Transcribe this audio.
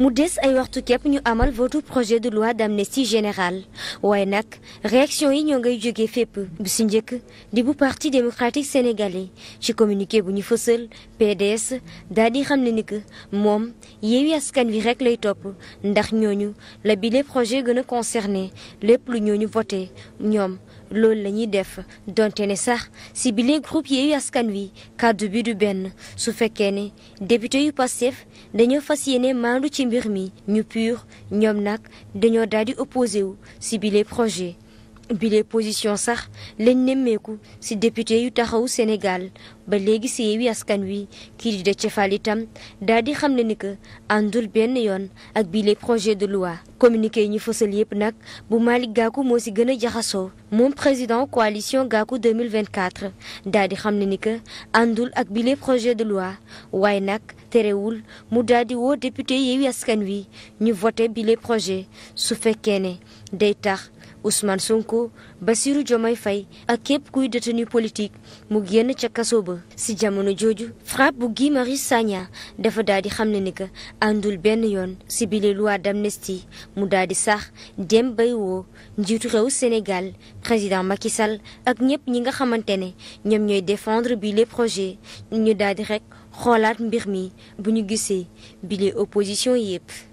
mu des ay waxtu képp ñu amal votu projet de loi d'amnistie générale waaye nag réaction yi ñoo ngay jóge fépp bu si njëkk di bu parti démocratique sénégalais ci communiqué bu ñu fësal PDS daal di xam ne ni que moom Yewwi Askan Wi rek lay topp ndax ñooñu la bile projet gën a concerné lépp lu ñooñu voté ñoom loolu la ñuy def donte ne sax si bile groupe Yewwi Askan Wi kàddu bi du benn su fekkee ne député yu Pastef dañoo fas yéene maandu ci mbir mi ñu puur ñoom nag dañoo daal di opposé wu si bile projet. bile position sax lañ nemmeeku ci député yu taxawu Sénégal ba léegi ci Yewwi Askan Wi kii di Déthié Fall itam daal di xam ne ni que àndul benn yoon ak bile projet de loi communiqué yi ñu fësal yépp nag bu Malick Gakou moo ci gën a jaxasoo moom président coalition Gakou 2024 daal di xam ne ni que àndul ak bile projet de loi waaye nag terewul mu daldi woo député Yewwi Askan Wi ñu voté bile projet su fekkee ne day tax Ousmane Sonko Bassirou Diomaye fay ak képp kuy détenu politique mu génn ca kaso ba si jamono jooju frappe bu Guy Marius Sagna dafa daal di xam ne ni que àndul benn yoon si bile loi d'amnistie mu daal di sax dem bay woo njiitu réew Sénégal président Macky Sall ak ñëpp ñi nga xamante ne ñoom ñooy défendre bi projet projets ñu daal di rek xoolaat mbir mi bu ñu gisee bile opposition yépp